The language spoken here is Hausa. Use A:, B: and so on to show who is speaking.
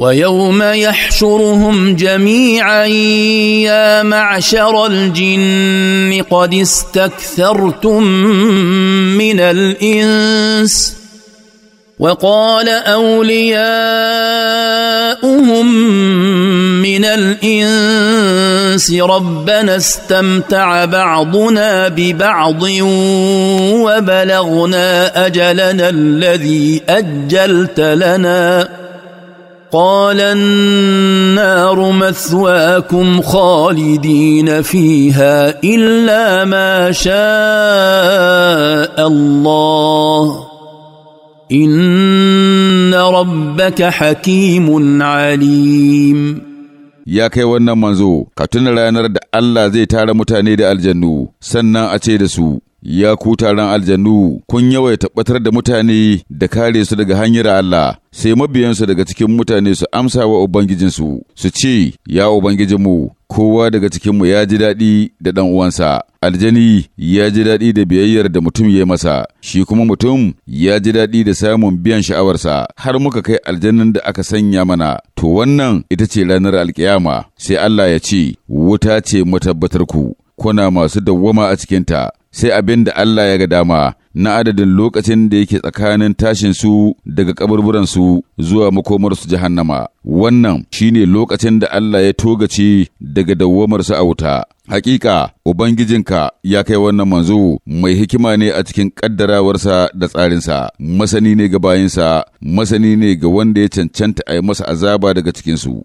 A: ويوم يحشرهم جميعا يا معشر الجن قد استكثرتم من الانس وقال اولياؤهم من الانس ربنا استمتع بعضنا ببعض وبلغنا اجلنا الذي اجلت لنا قال النار مثواكم خالدين فيها الا ما شاء الله ان ربك حكيم عليم
B: ya kai wannan manzo ka tuna ranar da Allah zai tara mutane da aljannu sannan a ce da su Ya ku taron Aljanu, kun yawai tabbatar da mutane da kare su daga hanyar Allah, sai mabiyansu daga cikin mutane su amsa wa Ubangijinsu, su ce, Ya Ubangijinmu, kowa daga cikinmu ya ji daɗi da ɗan uwansa. Aljani ya ji daɗi da biyayyar da mutum ya masa, shi kuma mutum ya ji daɗi da samun biyan sha'awarsa, har muka kai aljannin da aka sanya mana, to wannan ita ce ranar alkiyama, sai Allah ya ce, Wuta ce mu tabbatar ku, kuna masu dawwama a cikinta, sai abin da Allah ya ga dama na adadin lokacin da yake tsakanin tashin su daga su zuwa makomarsu jahannama. Wannan shine lokacin da Allah ya togace daga dawwamarsu a wuta. Hakika, Ubangijinka ya kai wannan manzo mai hikima ne a cikin ƙaddarawarsa da tsarinsa, masani ne ga bayinsa, masani ne ga wanda ya cancanta a yi masa azaba daga cikin su.